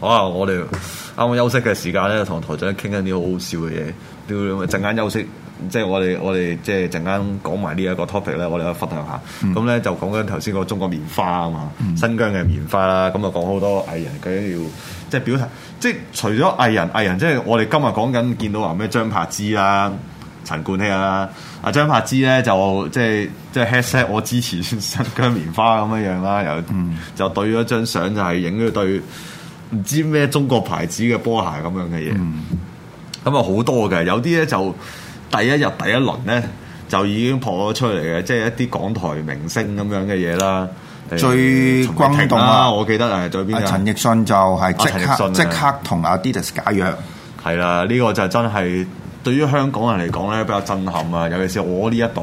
啊！我哋啱啱休息嘅時間咧，同台長傾緊啲好好笑嘅嘢，啲咪陣間休息，即係我哋我哋即係陣間講埋呢一個 topic 咧，我哋可以分享下。咁咧、嗯、就講緊頭先個中國棉花啊嘛，新疆嘅棉花啦，咁啊、嗯、講好多藝人佢要，即係表達，即係除咗藝人，藝人即係我哋今日講緊見到話咩張柏芝啦、陳冠希啦、啊，啊張柏芝咧就即係即係 headset，我支持新疆棉花咁樣樣啦，又、嗯、就對咗張相就係影咗對。唔知咩中國牌子嘅波鞋咁樣嘅嘢，咁啊好多嘅，有啲咧就第一日第一輪咧就已經破咗出嚟嘅，即係一啲港台明星咁樣嘅嘢啦。最轟動啦，我記得啊，對邊啊？陳奕迅就係即刻即刻同阿 Adidas 解約，係啦，呢個就真係對於香港人嚟講咧比較震撼啊，尤其是我呢一代，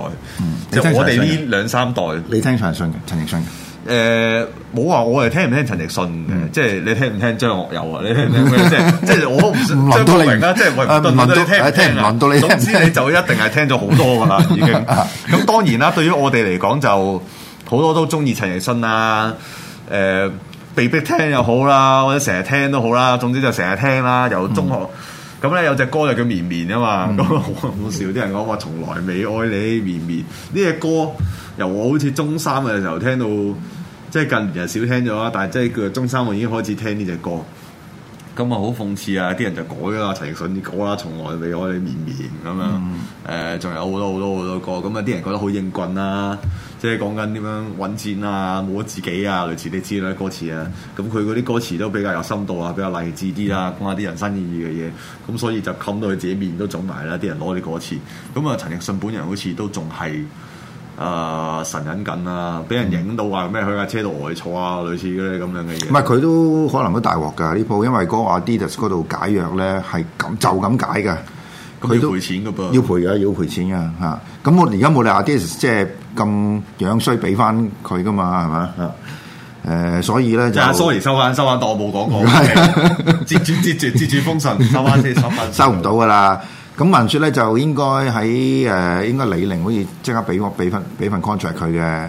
即係我哋呢兩三代。你聽陳奕迅，陳奕迅。誒冇話，我係聽唔聽陳奕迅，即係你聽唔聽張學友啊？你聽唔聽？即係即係我唔張國榮啊！即係輪到你聽，輪到你。總之你就一定係聽咗好多噶啦，已經。咁當然啦，對於我哋嚟講，就好多都中意陳奕迅啦。誒，被逼聽又好啦，或者成日聽都好啦。總之就成日聽啦。由中學咁咧，有隻歌就叫《綿綿》啊嘛。咁好笑啲人講話從來未愛你《綿綿》呢隻歌，由我好似中三嘅時候聽到。即係近年就少聽咗啦，但係即係佢中三我已經開始聽呢隻歌，咁啊好諷刺啊！啲人就改啦，陳奕迅啲歌啦，從來未開面面咁樣，誒仲、嗯呃、有好多好多好多歌，咁啊啲人覺得好應棍啦，嗯、即係講緊點樣搵錢啊，冇咗自己啊，類似啲之類歌詞啊，咁佢嗰啲歌詞都比較有深度啊，比較勵志啲啦，講下啲人生意義嘅嘢，咁所以就冚到佢自己面都腫埋啦，啲人攞啲歌詞，咁啊陳奕迅本人好似都仲係。啊、呃！神隱緊啊！俾人影到話咩？去架車度呆坐啊，類似嘅咧咁樣嘅嘢。唔係佢都可能都大鑊㗎呢部，因為嗰阿 Adidas 嗰度解約咧，係咁就咁解嘅，佢都要賠錢嘅噃，要賠嘅要賠錢嘅嚇。咁我而家冇理阿 Adidas 即係咁樣衰，俾翻佢㗎嘛係咪？誒、啊啊，所以咧 就說 sorry，有收翻收翻當我冇講過，截住截住截住封神，收翻啲產品，收唔 到㗎啦。咁文説咧就應該喺誒、呃，應該李寧可以即刻俾我俾份俾份 contract 佢嘅。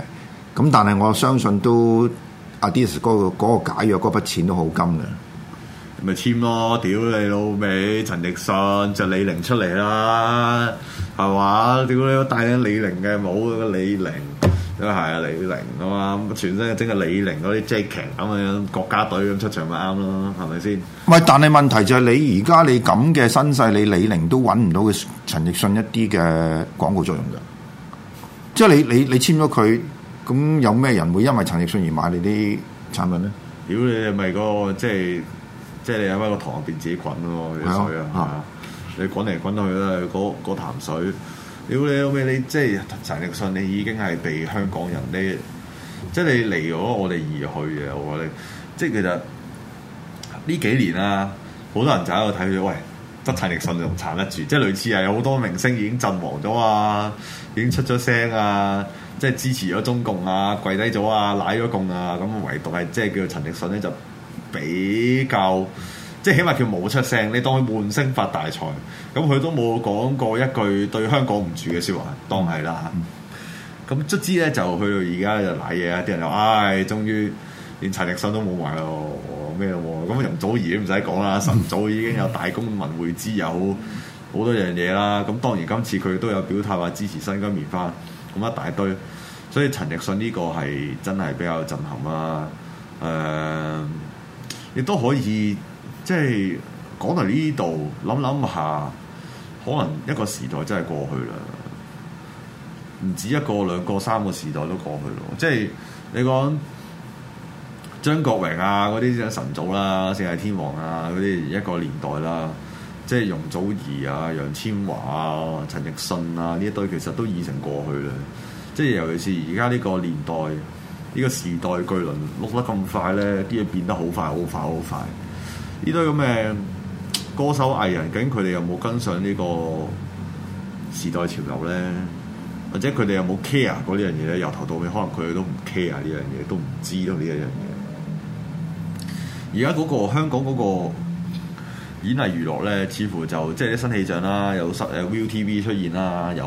咁但係我相信都 Adidas 嗰個解約嗰筆、這個、錢都好金嘅。咪簽咯，屌你老味，陳奕迅就李寧出嚟啦，係嘛？屌你帶緊李寧嘅帽？個李寧。都係啊，李寧啊嘛，全身整個李寧嗰啲 jacket 咁樣，劇劇國家隊咁出場咪啱咯，係咪先？唔係，但係問題就係你而家你咁嘅身世，你李寧都揾唔到佢陳奕迅一啲嘅廣告作用㗎。即係你你你簽咗佢，咁有咩人會因為陳奕迅而買你啲產品咧？屌你咪、個即係即係你喺個塘入邊自己滾咯，啊水啊嚇！啊你滾嚟滾去咧，嗰潭水。屌你！咩你即係陳奕迅？你已經係被香港人即你即係你離咗我哋而去嘅。我覺得，即係其實呢幾年啊，好多人就喺度睇住喂，得陳奕迅仲撐得住，即係類似係好多明星已經陣亡咗啊，已經出咗聲啊，即係支持咗中共啊，跪低咗啊，奶咗共啊，咁唯獨係即係叫做陳奕迅咧就比較。即係起碼佢冇出聲，你當佢悶聲發大財，咁佢都冇講過一句對香港唔住嘅説話，當係啦嚇。咁卒之咧就去到而家就瀨嘢啊！啲人就唉，終於連陳奕迅都冇埋咯，咩喎？咁、嗯、容祖兒都唔使講啦，晨早已經有大公文匯之友好多樣嘢啦。咁、嗯嗯嗯、當然今次佢都有表態話支持新疆棉花，咁一大堆。所以陳奕迅呢個係真係比較震撼啊！誒、嗯，亦都可以。即係講到呢度諗諗下，可能一個時代真係過去啦。唔止一個、兩個、三個時代都過去咯。即係你講張國榮啊，嗰啲神祖啦、啊，四大天王啊，嗰啲一個年代啦、啊。即係容祖兒啊、楊千嬅啊、陳奕迅啊呢一堆，其實都已成過去啦。即係尤其是而家呢個年代，呢、這個時代巨輪碌得咁快咧，啲嘢變得好快、好快、好快。呢堆咁嘅歌手藝人，究竟佢哋有冇跟上呢個時代潮流咧？或者佢哋有冇 care 嗰呢樣嘢咧？由頭到尾，可能佢哋都唔 care 呢樣嘢，都唔知道呢一樣嘢。而家嗰個香港嗰個演藝娛樂咧，似乎就即係啲新氣象啦，有誒 ViuTV 出現啦，有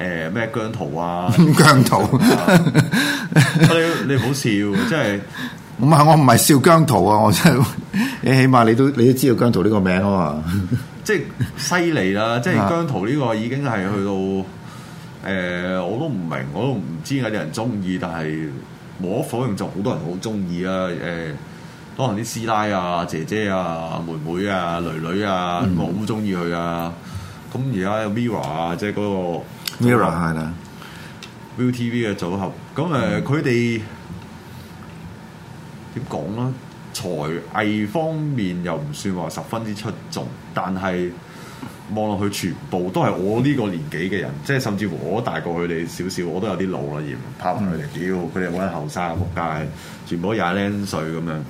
誒咩、呃、姜濤啊，姜濤濤， 你唔好笑，即係～唔係我唔係笑姜濤啊！我真係你起碼你都你都知道姜濤呢個名啊嘛 ，即係犀利啦！即係姜濤呢個已經係去到誒我都唔明，我都唔知有啲人中意，但係無可否認，就好多人好中意啊！誒、呃，可能啲師奶啊、姐姐啊、妹妹啊、女女啊，好中意佢啊！咁而家有 Mira 即係嗰個 Mirror 係啦，ViuTV 嘅組合。咁誒，佢哋。點講啦，才藝方面又唔算話十分之出眾，但係望落去全部都係我呢個年紀嘅人，即係甚至乎我大過佢哋少少，我都有啲老啦，而唔怕佢哋。屌、嗯，佢哋好鬼後生，仆街，全部廿零歲咁樣。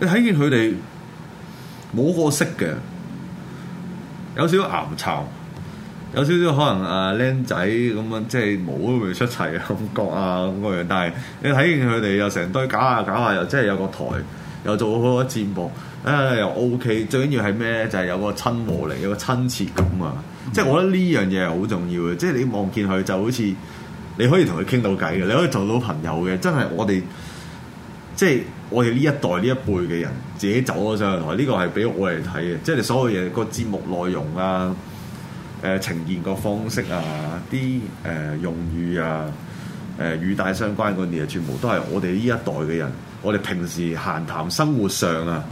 你睇見佢哋冇個識嘅，有少少岩巢。有少少可能啊僆仔咁樣，即係毛都未出齊嘅感覺啊咁樣，樣，但係你睇見佢哋又成堆搞下搞下，又，搞搞搞搞又即係有個台，又做好多節目，唉、哎、又 O、OK, K。最緊要係咩就係、是、有個親和力，有個親切感啊！嗯、即係我覺得呢樣嘢係好重要嘅。即係你望見佢就好似你可以同佢傾到偈嘅，你可以做到朋友嘅。真係我哋即係我哋呢一代呢一輩嘅人自己走咗上台，呢、這個係俾我哋睇嘅。即係你所有嘢、那個節目內容啊～誒、呃、呈現個方式啊，啲、呃、誒用語啊，誒語帶相關嗰啲啊，全部都係我哋呢一代嘅人，我哋平時閒談生活上啊，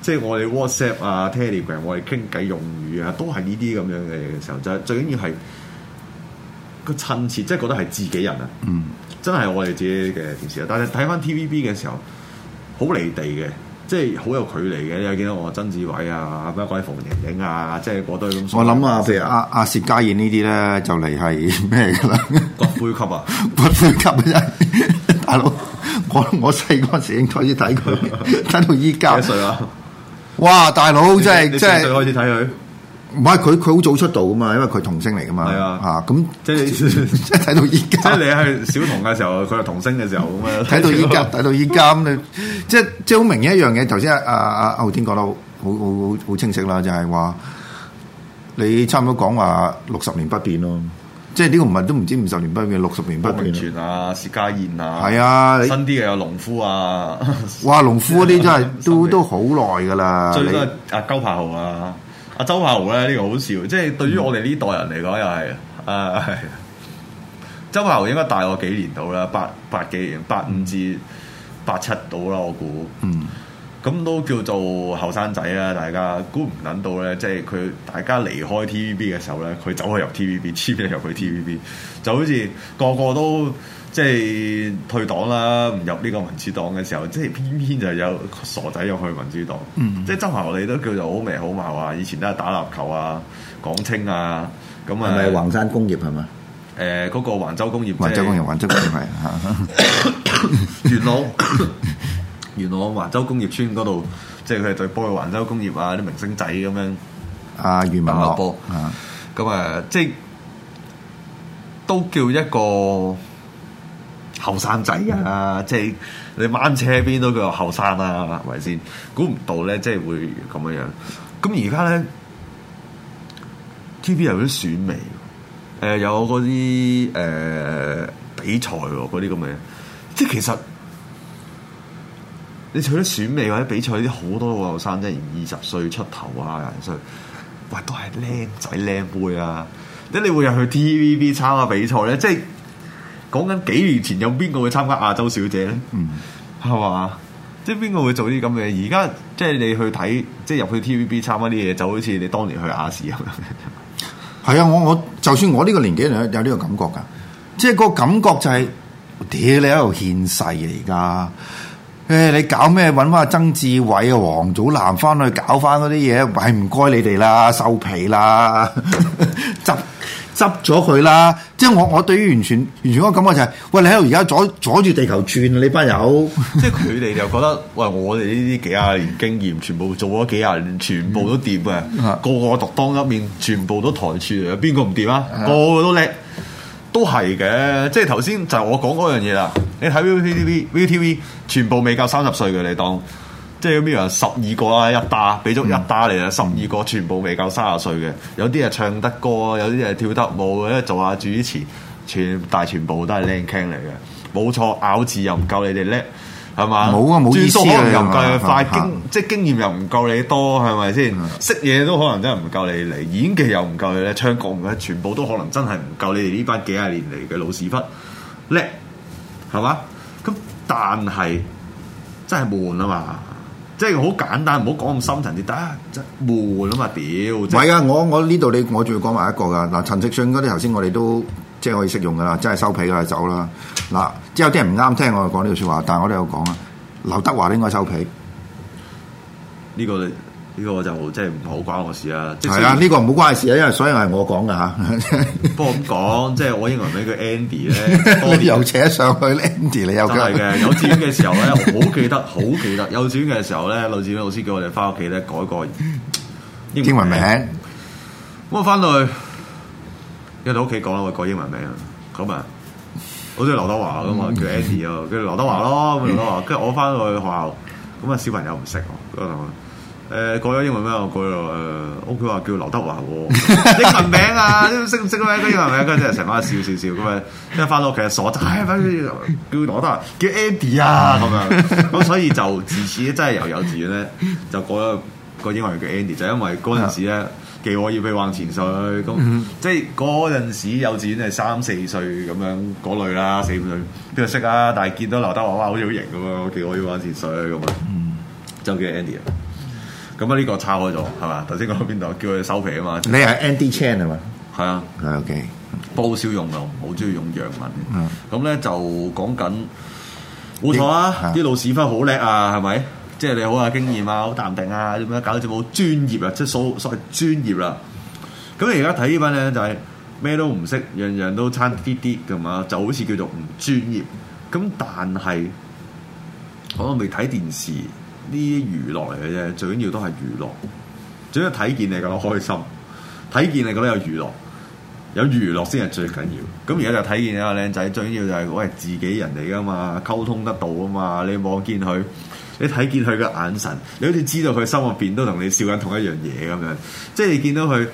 即係我哋 WhatsApp 啊、Telegram，我哋傾偈用語啊，都係呢啲咁樣嘅嘢嘅時候，就係最緊要係個親切，即係覺得係自己人啊。嗯，mm. 真係我哋自己嘅電視啊，但係睇翻 TVB 嘅時候，好離地嘅。即係好有距離嘅，你有見到我、哦、曾志偉啊，乜鬼馮盈盈啊，即係過多咁。我諗啊，譬如阿阿薛家燕呢啲咧，就嚟係咩㗎啦？骨灰級啊！骨灰級啊！ 大佬，我我細個已經開始睇佢，睇 到依家幾歲啊？哇！大佬，即係即係幾歲開始睇佢？唔係佢佢好早出道噶嘛因為佢童星嚟噶嘛。係啊，吓，咁即係即係睇到依家。即係你係小童嘅時候，佢係童星嘅時候咁樣。睇到依家，睇到依家咁你，即係即係好明顯一樣嘢。頭先阿阿阿浩天講得好好好好清晰啦，就係話你差唔多講話六十年不變咯。即係呢個唔係都唔知五十年不變，六十年不變。汪明荃啊，薛家燕啊，係啊，新啲嘅有農夫啊。哇，農夫嗰啲真係都都好耐噶啦。最多阿高柏豪啊。阿周柏豪咧呢、呢個好笑，即係對於我哋呢代人嚟講又係，嗯、啊周柏豪應該大我幾年到啦，八八幾年，八五至八七到啦，我估，嗯，咁都叫做後生仔啦，大家估唔等到咧，即係佢大家離開 TVB 嘅時候咧，佢走去入 TVB，黐邊入去 TVB，就好似個個都。即係退黨啦，唔入呢個民主黨嘅時候，即係偏偏就有傻仔又去民主黨。即係周華，你都叫做好眉好貌啊。以前都係打籃球啊、港青啊，咁係咪橫山工業係嘛？誒，嗰個橫州工業，橫州工業，橫州工業係吓，元朗，元朗橫州工業村嗰度，即係佢哋對波去橫州工業啊，啲明星仔咁樣啊，余文樂波，咁啊，即係都叫一個。後生仔啊，即係是你掹車邊都叫有後生啦，係咪先？估唔到咧，即係會咁樣樣。咁而家咧，TVB 有啲選美，誒、呃，有嗰啲誒比賽喎、啊，嗰啲咁嘅，即係其實你除咗選美或者比賽，啲好多後生即係二十歲出頭啊，廿歲，喂，都係靚仔靚妹啊！即係你會入去 TVB 參加比賽咧，即係。講緊幾年前有邊個會參加亞洲小姐咧？係嘛、嗯？即係邊個會做啲咁嘅嘢？而家即係你去睇，即係入去 TVB 參加啲嘢，就好似你當年去亞視咁。係 啊，我我就算我呢個年紀有有呢個感覺噶，即係個感覺就係、是，屌你喺度獻世嚟噶！誒、哎，你搞咩？搵翻曾志偉啊、王祖藍翻去搞翻嗰啲嘢，係唔該你哋啦，收皮啦，執。 執咗佢啦，即係我我對於完全完全嗰個感覺就係、是，喂，你喺度而家阻阻住地球轉你班友，即係佢哋就覺得， 喂，我哋呢啲幾廿年經驗，全部做咗幾廿年，全部都掂嘅，嗯、個個獨當一面，全部都台柱。」邊個唔掂啊？個個都叻，都係嘅，即係頭先就我講嗰樣嘢啦。你睇 ViuTV ViuTV，全部未夠三十歲嘅你當。即係 Mirror 十二個啦，一打俾足一打嚟啊！十二個全部未夠三十歲嘅，有啲係唱得歌，有啲係跳得舞，咧做下主持，全但全部都係靚 king 嚟嘅，冇錯，咬字又唔夠你哋叻，係嘛？冇啊，冇意思嘅、啊，轉數可能又唔夠你快，經即係經驗又唔夠你多，係咪先？識嘢的都可能真係唔夠你哋，演技又唔夠你叻，唱歌全部都可能真係唔夠你哋呢班幾廿年嚟嘅老屎忽叻，係嘛？咁但係真係悶啊嘛～即係好簡單，唔好講咁深層啲得、啊，真悶啊嘛屌！唔係啊，我我呢度你我仲要講埋一個噶嗱、呃，陳植順嗰啲頭先我哋都即係可以適用噶啦，真係收皮啦走啦嗱，之後啲人唔啱聽我講呢句説話，但係我哋有講啊，劉德華都應該收皮呢個。呢個就即係唔好關我事啊！係啊，呢個唔好關事啊，因為所以係我講噶吓。不過咁講，即係我英文名叫 Andy 咧，又扯上去 Andy，你又真係嘅。幼稚園嘅時候咧，好記得，好記得。幼稚園嘅時候咧，幼稚園老師叫我哋翻屋企咧改個英文名。咁我翻到去，因為喺屋企講啦，我改英文名啊。咁啊，好似劉德華咁啊，叫 Andy 啊，跟住劉德華咯，劉德華。跟住我翻到去學校，咁啊，小朋友唔識哦。誒，改咗英文名，我改咗，屋企話叫劉德華英文名啊？識唔識啊？咩英文名？佢真係成晚笑笑笑咁樣，跟住返到屋企傻仔，哎，叫我都話叫，叫 Andy 啊咁樣，咁 所以就自此真係由幼稚園咧就改咗個英文叫 Andy，就因為嗰陣時咧，技我要俾玩潛水，咁、嗯嗯、即係嗰陣時幼稚園係三四歲咁樣嗰類啦，四五歲邊個識啊？但係見到劉德華哇，好似好型咁樣，技我要玩潛水咁啊，就叫 Andy 啊。咁、就是、啊，呢個拆開咗，係嘛？頭先講邊度？叫佢收皮啊嘛！你係 Andy Chan 係嘛？係啊，係 OK。不過用㗎，我好中意用洋文。嗯，咁咧、嗯、就講緊冇錯啊！啲、嗯、老師傅好叻啊，係咪？即、就、係、是、你好啊，經驗啊，好淡定啊，點樣搞到好似好專業啊？即係所謂所謂專業啦、啊。咁你而家睇呢班咧，就係、是、咩都唔識，樣樣都差啲啲㗎嘛，就好似叫做唔專業。咁但係我未睇電視。呢啲娛樂嚟嘅啫，最緊要都係娛樂，最緊要睇見你覺得開心，睇見你覺得有娛樂，有娛樂先係最緊要。咁而家就睇見一個靚仔，最緊要就係我係自己人嚟噶嘛，溝通得到啊嘛，你望見佢，你睇見佢嘅眼神，你好似知道佢心入邊都同你笑緊同一樣嘢咁樣，即係你見到佢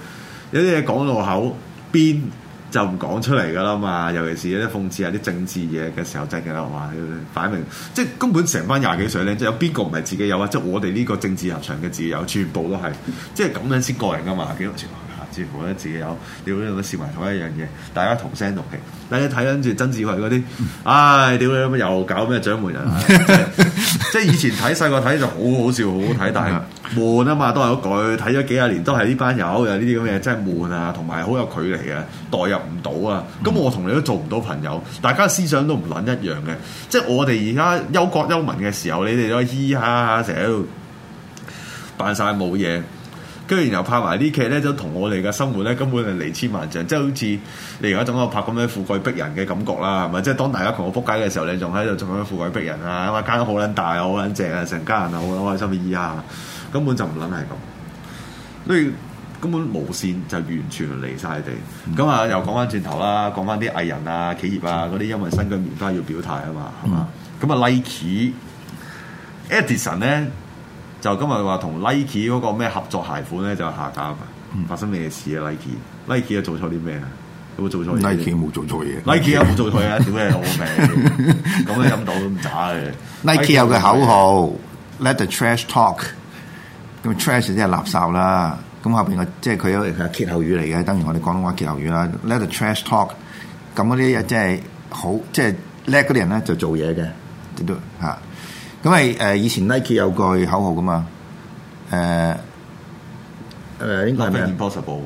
有啲嘢講落口邊。就唔講出嚟㗎啦嘛，尤其是啲諷刺啊、啲政治嘢嘅時候真係話，擺明即係根本成班廿幾歲咧，即係有邊個唔係自己有啊？即係我哋呢個政治立場嘅自己有，全部都係即係咁樣先個人㗎嘛，幾似乎咧自己有，屌你咁笑埋同一樣嘢，大家同聲同氣。你睇跟住曾志偉嗰啲，唉、嗯，屌你咁又搞咩獎門人？即係以前睇細個睇就好好笑，好好睇，但係悶啊嘛，都係嗰句，睇咗幾廿年都係呢班友有呢啲咁嘅嘢，真係悶啊！同埋好有距離啊，代入唔到啊。咁、嗯、我同你都做唔到朋友，大家思想都唔撚一樣嘅。即、就、係、是、我哋而家憂國憂民嘅時候，你哋都嘻嘻哈哈，成日都扮晒冇嘢。跟住然又拍埋啲劇咧，就同我哋嘅生活咧根本係離千萬丈，即係好似你而家整嗰個拍咁樣富貴逼人嘅感覺啦，係咪？即係當大家窮到撲街嘅時候，你仲喺度做緊富貴逼人啊？間屋好撚大，好撚正啊，成家人好開心嘅依家，根本就唔撚係咁。你根本無線就完全離晒地。咁啊、嗯，又講翻轉頭啦，講翻啲藝人啊、企業啊嗰啲，因為新疆棉花要表態啊嘛，係嘛？咁啊，Nike、like, Edison 咧。就今日話同 Nike 嗰個咩合作鞋款咧就下架啊！發生咩事啊？Nike，Nike 又、Nike、做錯啲咩啊？有冇做錯嘢？Nike 冇做錯嘢。 Nike 有冇做錯嘢，做咩好味？咁你飲唔到咁渣嘅。Nike 有個口號 Let the trash talk，咁 trash 即係垃圾啦。咁後邊嘅即係佢有佢嘅歇後語嚟嘅，等於我哋廣東話歇後語啦。Let the trash talk，咁嗰啲人即係好，即係叻嗰啲人咧就做嘢嘅，知因咪誒以前 Nike 有句口號噶嘛？誒、呃、誒 Not 應該係咩？Impossible。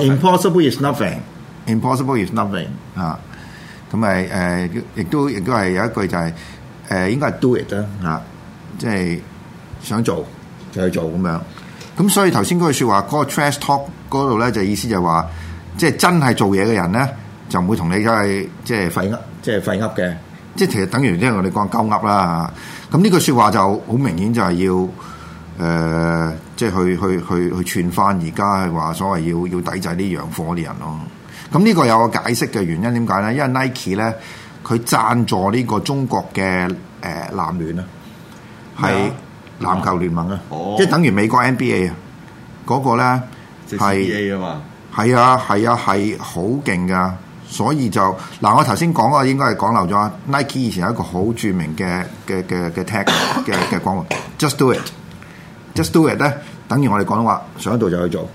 Impossible is nothing、嗯。Impossible is nothing。嚇咁咪誒亦都亦都係有一句就係、是、誒、嗯、應該係 do it 啦、嗯嗯！即係想做就去做咁樣。咁、嗯、所以頭先嗰句説話嗰、嗰個 trash talk 嗰度咧，就意思就係話，即係真係做嘢嘅人咧，就唔會同你係即係廢噏即係廢噏嘅。即係其實等於即係我哋講鳩噏啦，咁呢句説話就好明顯就係要誒、呃，即係去去去去串翻而家係話所謂要要抵制洋貨啲人咯。咁呢個有個解釋嘅原因點解咧？因為 Nike 咧，佢贊助呢個中國嘅誒籃聯啊，係籃麼球聯盟啊，哦、即係等於美國 NBA 啊，嗰個咧係係啊係啊係好勁噶。所以就嗱，我頭先講啊，應該係講漏咗 Nike 以前有一個好著名嘅嘅嘅嘅 tag 嘅嘅廣告 ，Just Do It。Just Do It 咧，等於我哋講話 上一度就去做。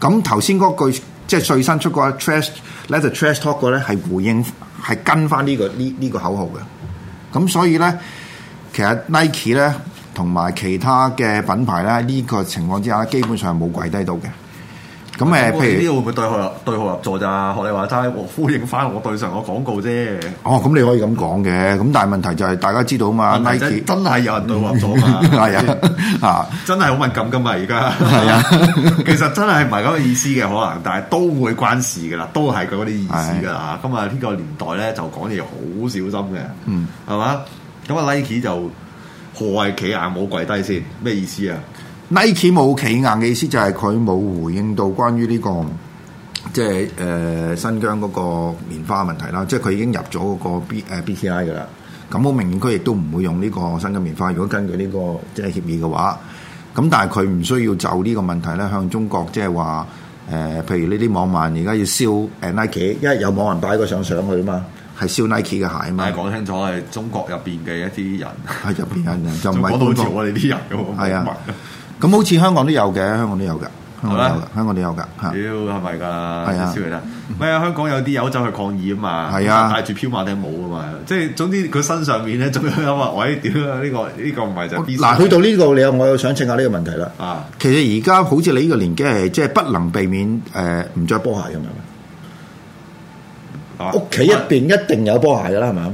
咁頭先嗰句即係最新出嗰個 trash，let the trash talk 過咧，係回應係跟翻呢、這個呢呢、這個這個口號嘅。咁所以咧，其實 Nike 咧同埋其他嘅品牌咧，呢、這個情況之下，基本上係冇跪低到嘅。咁誒，譬如呢個會唔會對號入對號入座咋？學你話齋，我呼應翻我對上個廣告啫。哦，咁你可以咁講嘅。咁但係問題就係大家知道嘛？Nike 問題 真係有人對號入座嘛？係啊，嚇，真係好敏感噶嘛而家。係啊，其實真係唔係咁嘅意思嘅可能，但係都會關事噶啦，都係佢嗰啲意思噶啦嚇。的嗯、今日呢個年代咧，就講嘢好小心嘅，嗯，係嘛？咁啊 Nike 就何謂企硬冇跪低先？咩意思啊？Nike 冇企硬嘅意思就係佢冇回應到關於呢、這個即係誒、呃、新疆嗰個棉花問題啦，即係佢已經入咗嗰個 B 誒、呃、BTI 噶啦。咁好明顯，佢亦都唔會用呢個新疆棉花。如果根據呢、這個即係協議嘅話，咁但係佢唔需要就呢個問題咧向中國即係話誒，譬如呢啲網民而家要燒誒、呃、Nike，因為有網民擺個相上去啊嘛，係燒 Nike 嘅鞋啊嘛。係講清楚係中國入邊嘅一啲人，喺入邊人，就唔係好似我哋啲人喎。係啊。 咁好似香港都有嘅，香港都有嘅，香港都有嘅，香港都有嘅。屌，係咪噶？係啊。咩啊？香港有啲友走去抗議啊嘛。係啊。戴住飄馬頂帽啊嘛。即係總之佢身上面咧，仲有啊，話，喂，屌啊！呢個呢個唔係就嗱，去到呢度，你又我又想請下呢個問題啦。啊，其實而家好似你呢個年紀係即係不能避免誒唔着波鞋咁樣。屋企入邊一定有波鞋噶啦，係咪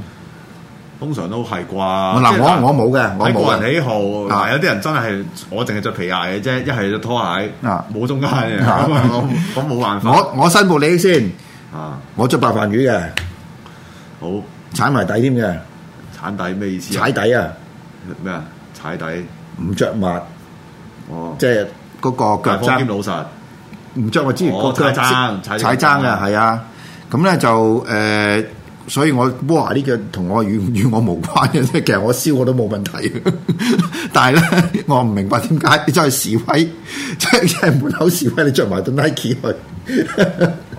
通常都係啩，即係我我冇嘅，我個人喜好嗱。有啲人真係我淨係着皮鞋嘅啫，一係着拖鞋，啊冇中間嘅，咁我我冇辦法。我我宣布你先啊，我着白飯魚嘅，好踩埋底添嘅，踩底咩意思啊？踩底啊？咩啊？踩底唔着襪，哦，即係嗰個腳踭老實，唔着我之前腳踭踩踭嘅係啊，咁咧就誒。所以我波鞋呢個同我與與我無關嘅，即係其實我燒我都冇問題。 但係咧，我唔明白點解你真係示威，即係門口示威，你着埋對 Nike 去。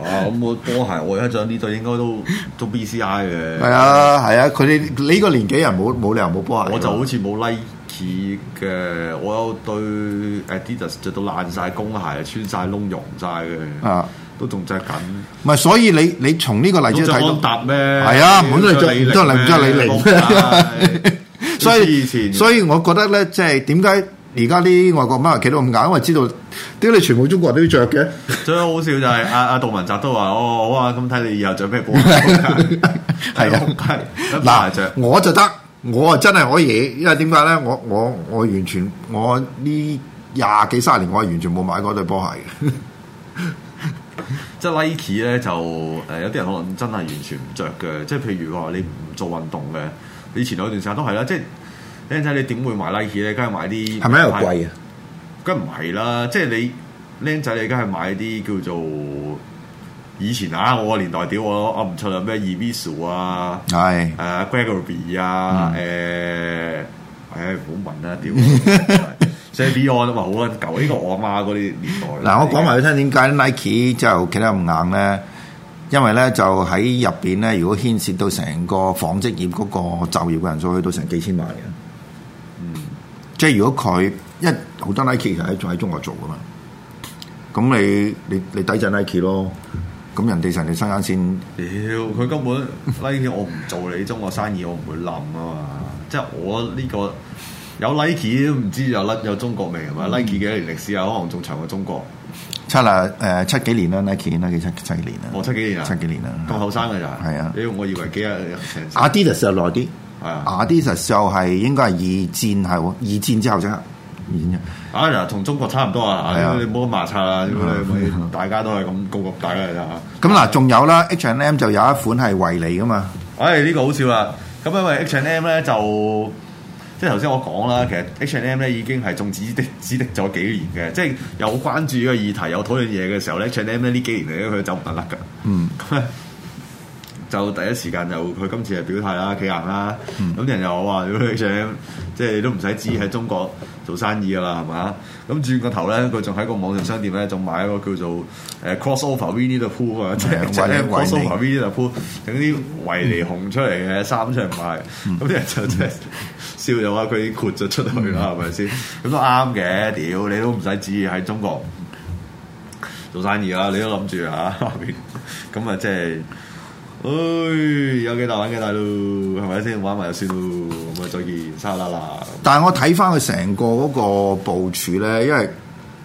啊，咁、嗯、我波鞋我而家着呢對應該都都 B C I 嘅。係啊，係啊，佢哋呢個年紀人冇冇、嗯、理由冇波鞋。我就好似冇 Nike 嘅，我有對 Adidas 著到爛晒公鞋穿晒窿溶晒嘅。啊！都仲著緊，唔係，所以你你從呢個例子睇到安踏咩？係啊，唔好再著，都係唔著李寧咩？所以所以，我覺得咧，即係點解而家啲外國媽咪企到咁硬，因為知道啲你全部中國人都要着嘅。最好笑就係阿阿杜文澤都話：哦，好啊，咁睇你以後着咩波鞋？係啊，嗱，著我就得，我啊真係可以，因為點解咧？我我我完全我呢廿幾三十年，我係完全冇買過對波鞋嘅。即係 Nike 咧就誒、呃、有啲人可能真係完全唔着嘅，即係譬如話你唔做運動嘅，你前兩段時間都係、like 啊、啦，即係僆仔你點會買 Nike 咧？梗係買啲係咪又貴啊？梗唔係啦，即係你僆仔你梗係買啲叫做以前啊我個年代屌我我唔出、哎、啊咩 Evisu 啊、係誒 Gregory 啊、誒誒唔好問啦屌！ 即 Beyond 啊，哇好啊，舊呢個我媽嗰啲年代。嗱， 我講埋佢聽點解 Nike 就企得咁硬咧？因為咧就喺入邊咧，如果牽涉到成個紡織業嗰個就業嘅人數去到成幾千萬嘅。嗯，即係如果佢一好多 Nike 其實喺仲喺中國做噶嘛，咁你你你抵制 Nike 咯？咁人哋成條生產線，屌佢根本 Nike 我唔做你 中國生意，我唔會冧啊嘛！即係我呢、呢個。有 Nike 都唔知有甩有中國未係嘛？Nike 幾多年歷史啊？可能仲長過中國七。差啦，誒七幾年啦 Nike，Nike 七七幾年啦。我七幾年啊。七幾年啊。咁後生嘅咋？係啊。屌，我以為幾日 Adidas 又耐啲。啊，Adidas 就係應該係二戰後，二戰之後啫。二戰啊！同、呃、中國差唔多是啊。係啊。你唔好抹擦啦，大家都係咁高高大噶咋。咁嗱、啊啊，仲、呃、有啦，H and M 就有一款係維尼噶嘛、哎。唉，呢個好笑啦。咁因為 H and M 咧就。即係頭先我講啦，嗯、其實 H and M 咧已經係仲止跌止跌咗幾年嘅，即係有關注依個議題，有討論嘢嘅時候咧、嗯、，H and M 咧呢幾年嚟咧佢都走唔甩㗎。嗯。 就第一時間就佢今次係表態啦，企硬啦，咁啲、嗯、人又話，如果你想即係你都唔使旨意喺中國做生意噶啦，係嘛？咁轉個頭咧，佢仲喺個網上商店咧，仲買一個叫做誒 cross over Winnie the Pooh 啊的，即係 cross over Winnie the Pooh 整啲維尼熊出嚟嘅衫出嚟賣，咁啲、嗯、人就即係笑咗話佢已經豁咗出去啦，係咪先？咁都啱嘅，屌 你都唔使旨意喺中國做生意你啊，你都諗住啊，咁啊即係。唉、哎，有幾大玩幾大咯，係咪先？玩埋就算咯，咁啊，再見沙啦啦！但係我睇翻佢成個嗰個部署咧，因為誒、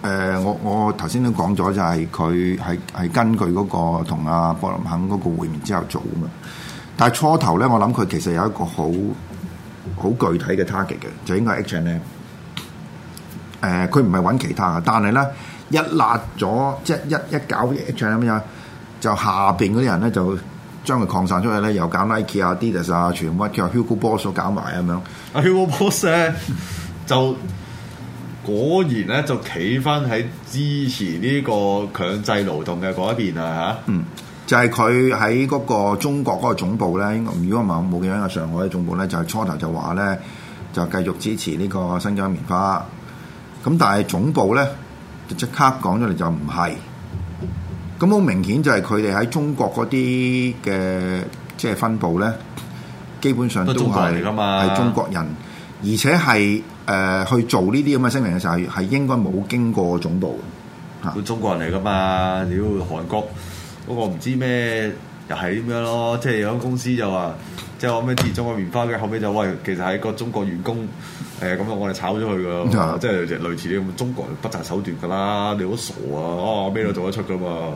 呃，我我頭先都講咗，就係佢係係根據嗰個同阿伯林肯嗰個會面之後做嘅。但係初頭咧，我諗佢其實有一個好好具體嘅 target 嘅，就應該係 H&M。佢唔係揾其他嘅，但係咧一辣咗，即、就、係、是、一一搞 H&M 之後，就下邊嗰啲人咧就。將佢擴散出去咧，又減 Nike 啊、Adidas 啊，全屈佢、啊、Hugo Boss 都減埋咁樣。阿 Hugo Boss 咧就果然咧就企翻喺支持呢個強制勞動嘅嗰一邊啊嚇。嗯，就係佢喺嗰個中國嗰個總部咧，如果唔係冇記憶喺上海嘅總部咧，就係、初頭就話咧就繼續支持呢個新疆棉花。咁但係總部咧就即刻講咗嚟就唔係。咁好明顯就係佢哋喺中國嗰啲嘅即係分佈咧，基本上都係係中，中國人，而且係誒、呃、去做呢啲咁嘅聲明嘅時候，係應該冇經過總部嚇。佢中國人嚟噶嘛，屌韓國嗰個唔知咩又係咁樣咯。即係有間公司就話。即係我諗咩之前中國棉花嘅，後尾就喂，其實係個中國員工誒咁、呃、樣我，我哋炒咗佢噶，即係類似啲咁，中國人不擇手段噶啦，你好傻啊，我、啊、咩都做得出噶嘛，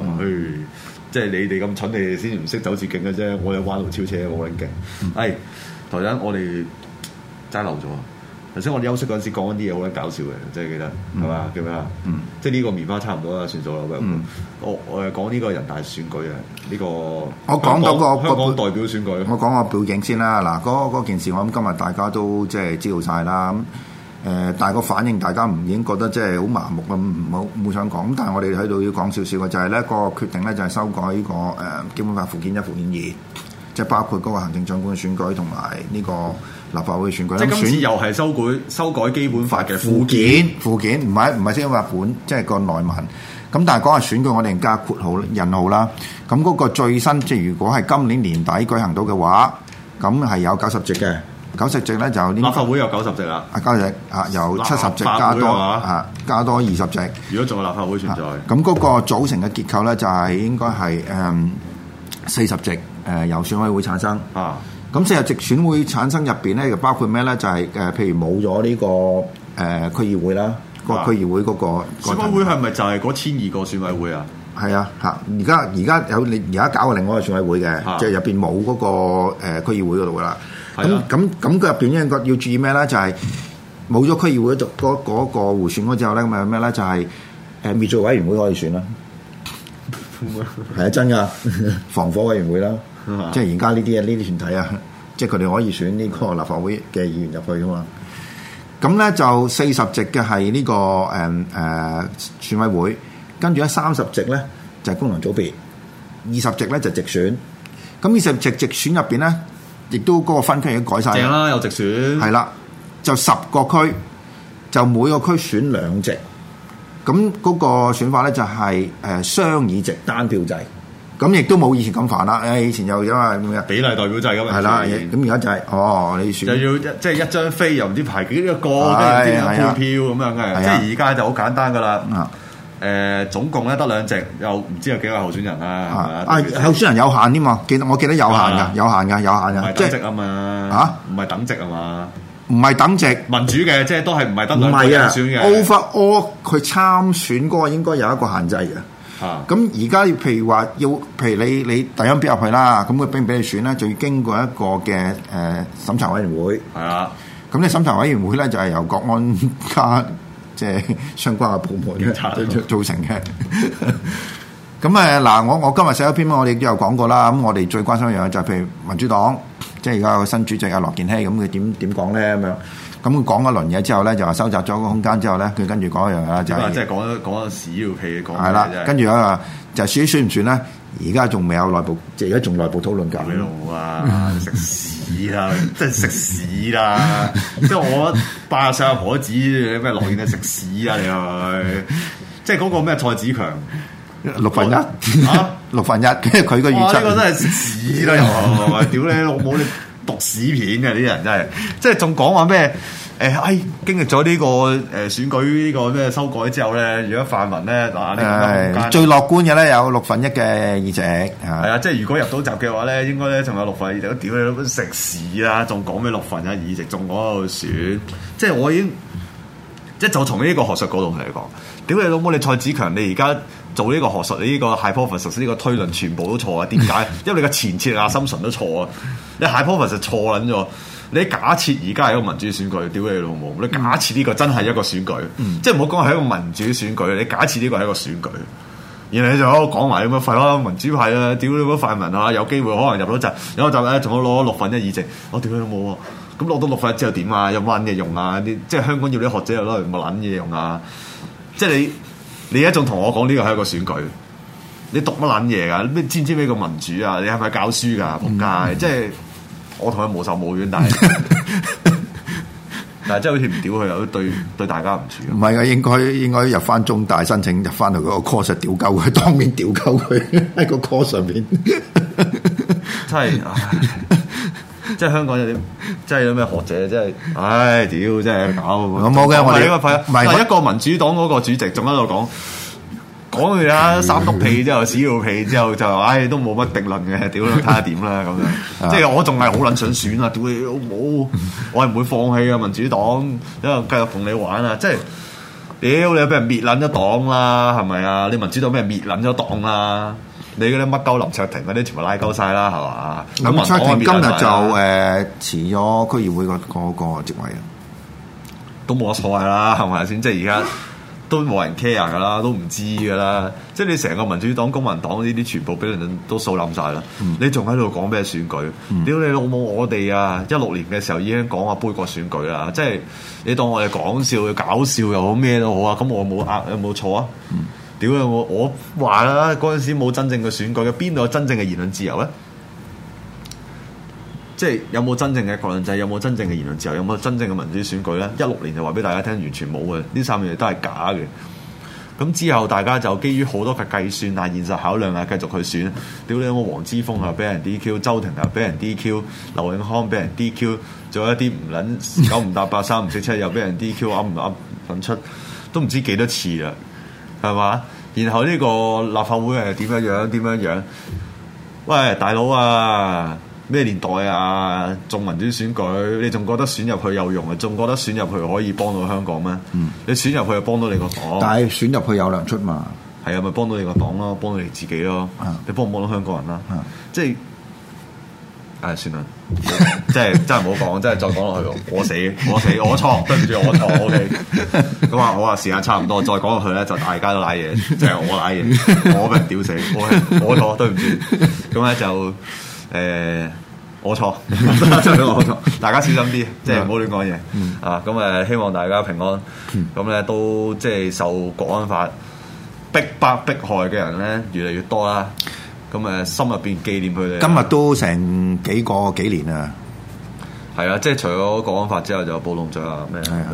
即係你哋咁蠢，你哋先唔識走捷徑嘅啫，我哋彎路超車冇人勁，頭先，我哋齋漏咗。嗯哎頭先我哋休息嗰陣時講嗰啲嘢好鬼搞笑嘅，真係記得，係嘛叫咩啊？吧嗯、即係呢個棉花差唔多啦，算數啦。咁我我誒講呢個人大選舉啊，呢、呢個我講到個香港代表選舉。我講個背景先啦，嗱嗰件事我諗今日大家都即係知道晒啦。咁、呃、誒，大個反應大家唔已經覺得即係好麻木咁，唔好冇想講。但係我哋喺度要講少少嘅，就係、是、咧、呢個決定咧就係修改呢個誒基本法附件一附件二，即係包括嗰個行政長官嘅選舉同埋呢個。立法會選舉，即係今次又係修改修改基本法嘅附，附件，附件唔係唔係《基本法》本，即係個內文。咁但係講下選舉，我哋加括號咧、引號啦。咁嗰個最新，即係如果係今年年底舉行到嘅話，咁係有九十席嘅，九十的席咧就立法會有九十席啊，加上啊加咗啊有七十席加多啊加多二十席。如果仲有立法會存在，咁嗰、啊、個組成嘅結構咧就係應該係誒四十席誒、啊、由選委會產生啊。咁四日直選會產生入邊咧，就包括咩咧？就係誒，譬如冇咗呢個誒、呃、區議會啦，個區議會嗰、那個,、啊、個選委會係咪就係嗰千二個選委會啊？係啊，嚇！而家而家有你而家搞過另外一個選委會嘅，啊、即係入邊冇嗰個誒、呃、區議會嗰度啦。咁咁咁，佢入邊應該要注意咩咧？就係冇咗區議會度嗰、那個互選嗰之後咧，咁咪咩咧？就係、是、誒、呃、滅罪委員會可以選啦。係啊， 真噶， 防火委員會啦。即係而家呢啲啊，呢啲團體啊，即係佢哋可以選呢個立法會嘅議員入去噶嘛。咁咧就四十席嘅係呢個誒誒、嗯呃、選委會，跟住咧三十席咧就功、是、能組別，二十席咧就直選。咁二十席直選入邊咧，亦都嗰個分區已經改晒啦，有直選。係啦，就十個區，就每個區選兩席。咁嗰個選法咧就係誒雙議席單票制。咁亦都冇以前咁煩啦，誒以前又因為比例代表制咁啊，係啦，咁而家就係哦，你選就要即係一張飛又唔知排幾多個，即係啲配票咁樣嘅，即係而家就好簡單噶啦。誒總共咧得兩隻，又唔知有幾位候選人啦。啊，候選人有限添嘛？記得我記得有限噶，有限噶，有限噶，即係等值啊嘛。啊，唔係等值啊嘛。唔係等值民主嘅，即係都係唔係得兩個當選嘅。Overall 佢參選嗰個應該有一個限制嘅。啊，咁而家要譬如話要，譬如你你第一入去啦，咁佢俾唔俾你選啦，就要經過一個嘅誒審查委員會。係啊，咁你審查委員會咧就係由國安加即係、就是、相關嘅部門組 成嘅。咁啊嗱，我我今日寫一篇文，我哋都有講過啦。咁我哋最關心嘅樣就係譬如民主黨。即係而家個新主席阿羅健熙，咁佢點點講咧咁樣，咁講一輪嘢之後咧就話收集咗個空間之後咧，佢跟住講一樣啊、就是，即係即係講講屎要尿屁，講係啦，跟住啊就算算唔算咧？而家仲未有內部，即係而家仲內部討論緊。老啊，食屎啦， 即係食屎啦！即係我八十歲阿婆子，咩羅健熙食屎啦，你係咪？即係嗰個咩蔡子強？六分一，六分一，即係佢個預測。呢個真係屎啦！屌你老母，你讀屎片嘅呢啲人真係，即係仲講話咩？誒，哎，經歷咗呢個誒選舉呢個咩修改之後咧，如果泛民咧嗱，誒，最樂觀嘅咧有六分一嘅議席，係啊，即係如果入到閘嘅話咧，應該咧仲有六分二。屌你老母食屎啦！仲講咩六分一議席仲喺度選？即係我已經，即係就從呢個學術角度同你講，屌你老母，你蔡子強你而家。做呢個學術，你呢個 hypothesis 呢個推論全部都錯啊！點解？因為你個前設啊、心神都錯啊！你 hypothesis 錯撚咗。你假設而家係一個民主選舉，屌你老母！你假設呢個真係一個選舉，嗯、即係唔好講係一個民主選舉，你假設呢個係一個選舉，然後你就喺度講埋咁嘅廢啦，民主派啊，屌你乜廢民啊！有機會可能入到陣，然後就咧仲好攞六份一議席。我屌你老母喎！咁攞、啊、到六份一之後點啊？有冇嘢用啊！啲即係香港要啲學者又攞嚟冇撚嘢用啊！即係、啊、你。你而家仲同我講呢個係一個選舉？你讀乜撚嘢噶？你知唔知咩叫民主啊？你係咪教書噶仆街？嗯、即係我同佢無仇無怨，但係嗱，即係好似唔屌佢，對對大家唔住。唔係啊，應該應該入翻中大申請入，入翻去嗰個 course 屌鳩佢，當面屌鳩佢喺個 course 上面，真 係。即係香港有啲，即係有咩學者，即係，唉，屌，真係搞，我冇要嘅，唔係呢個唔係一個民主黨嗰個主席仲喺度講，講完啦，三督屁之後屎尿屁之後就，唉，都冇乜定論嘅，屌，睇下點啦咁樣， 即係我仲係好撚想選啊，會冇，我係唔會放棄嘅民主黨，一路繼續同你玩啊，即係，屌，你俾人滅撚咗黨啦，係咪啊？你民主黨俾人滅撚咗黨啦。你嗰啲乜鳩林卓廷嗰啲全部拉鳩晒啦，係嘛？林卓廷今日就誒辭咗區議會個個個職位都冇乜所謂啦，係咪先？ 即係而家都冇人 care 㗎啦，都唔知㗎啦。 即係你成個民主黨、公民黨呢啲全部俾人都掃冧晒啦。嗯、你仲喺度講咩選舉？屌、嗯、你老母！我哋啊，一六年嘅時候已經講阿杯葛選舉啦。即係你當我哋講笑、搞笑又好咩都好啊。咁我冇呃有冇錯啊？嗯。屌啊！我我話啦，嗰陣時冇真正嘅選舉，有邊度有真正嘅言論自由咧？即係有冇真正嘅國兩制？有冇真正嘅言論自由？有冇真正嘅民主選舉咧？一六年就話俾大家聽，完全冇嘅，呢三樣嘢都係假嘅。咁之後大家就基於好多嘅計算啊、現實考量啊，繼續去選。屌你有冇黃之鋒啊，俾人 DQ；周庭啊，俾人 DQ；劉永康俾人 DQ，仲有一啲唔捻九唔搭八、三唔識七，又俾人 DQ，噏唔噏滾出，都唔知幾多次啊！係嘛？然後呢個立法會係點樣樣？點樣樣？喂，大佬啊，咩年代啊？眾民主選舉，你仲覺得選入去有用啊？仲覺得選入去可以幫到香港咩？嗯，你選入去又幫到你個黨，但係選入去有糧出嘛？係啊，咪幫到你個黨咯，幫到你自己咯。嗯，你幫唔幫到香港人啦？嗯嗯，即係。唉、哎，算啦，即係真係唔好講，真係再講落去，我死，我死，我錯，對唔住，我錯，OK。咁啊，我話時間差唔多，再講落去咧，就大家都瀨嘢，就係、是、我瀨嘢，我俾人屌死，okay? 我我錯，對唔住。咁咧就誒、呃，我錯，我錯，大家小心啲，即係唔好亂講嘢啊！咁誒，希望大家平安。咁咧都即係受國安法逼迫逼害嘅人咧，越嚟越多啦。咁誒心入邊紀念佢哋，今日都成幾個幾年啦，係啊、 嗯 嗯，即係除咗國安法之後，就暴龍罪啊咩咩啊，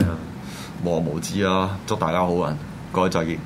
麼無惡不作啊，祝大家好運，各位再見。